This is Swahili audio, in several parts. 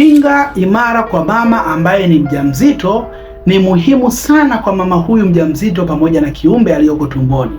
Kinga imara kwa mama ambaye ni mjamzito ni muhimu sana kwa mama huyu mjamzito pamoja na kiumbe aliyoko tumboni.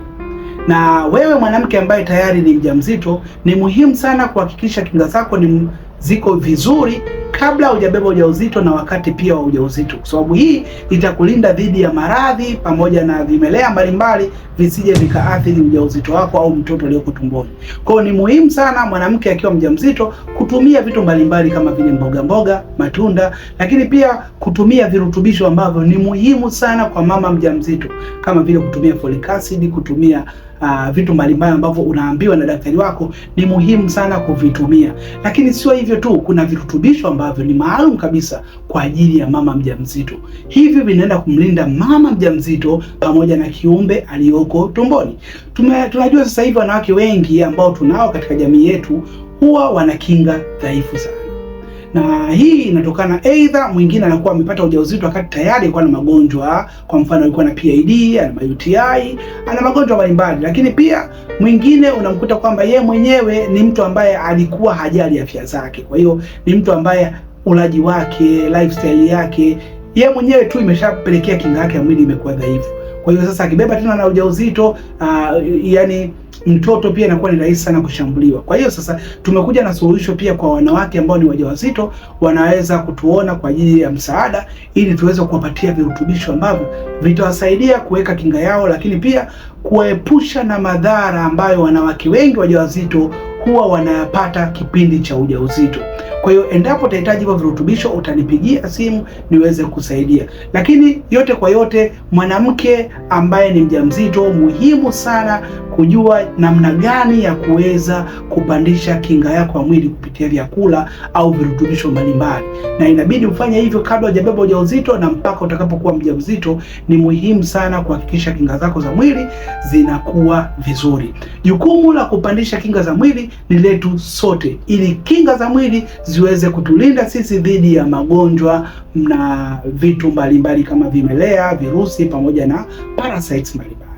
Na wewe mwanamke ambaye tayari ni mjamzito, ni muhimu sana kuhakikisha kinga zako ni ziko vizuri kabla hujabeba ujauzito na wakati pia wa ujauzito, kwa sababu hii itakulinda dhidi ya maradhi pamoja na vimelea mbalimbali visije vikaathiri ujauzito wako au mtoto aliyoko tumboni. Kwa hiyo ni muhimu sana mwanamke akiwa mjamzito kutumia vitu mbalimbali kama vile mboga mboga, matunda, lakini pia kutumia virutubisho ambavyo ni muhimu sana kwa mama mjamzito kama vile kutumia folic acid, kutumia uh, vitu mbalimbali ambavyo unaambiwa na daktari wako ni muhimu sana kuvitumia. Lakini sio hivyo tu, kuna virutubisho ambavyo ni maalum kabisa kwa ajili ya mama mjamzito. Hivi vinaenda kumlinda mama mjamzito pamoja na kiumbe aliyoko tumboni. Tume, tunajua sasa hivi wanawake wengi ambao tunao katika jamii yetu huwa wana kinga dhaifu sana na hii inatokana aidha mwingine anakuwa amepata ujauzito wakati tayari alikuwa na magonjwa, kwa mfano alikuwa na PID, ana UTI, ana magonjwa mbalimbali. Lakini pia mwingine unamkuta kwamba ye mwenyewe ni mtu ambaye alikuwa hajali afya zake, kwa hiyo ni mtu ambaye ulaji wake, lifestyle yake ye mwenyewe tu imeshapelekea kinga yake ya mwili imekuwa dhaifu. Kwa hiyo sasa akibeba tena na ujauzito uh, yani mtoto pia inakuwa ni rahisi sana kushambuliwa. Kwa hiyo sasa tumekuja na suluhisho pia kwa wanawake ambao ni wajawazito, wanaweza kutuona kwa ajili ya msaada, ili tuweze kuwapatia virutubisho ambavyo vitawasaidia kuweka kinga yao, lakini pia kuwaepusha na madhara ambayo wanawake wengi wajawazito huwa wanayapata kipindi cha ujauzito. Kwa hiyo endapo utahitaji hivyo virutubisho, utanipigia simu niweze kusaidia. Lakini yote kwa yote, mwanamke ambaye ni mjamzito, muhimu sana kujua namna gani ya kuweza kupandisha kinga yako ya mwili kupitia vyakula au virutubisho mbalimbali, na inabidi ufanye hivyo kabla hujabeba ujauzito na mpaka utakapokuwa mjamzito. Ni muhimu sana kuhakikisha kinga zako za mwili zinakuwa vizuri. Jukumu la kupandisha kinga za mwili ni letu sote, ili kinga za mwili ziweze kutulinda sisi dhidi ya magonjwa na vitu mbalimbali mbali kama vimelea, virusi pamoja na parasites mbalimbali.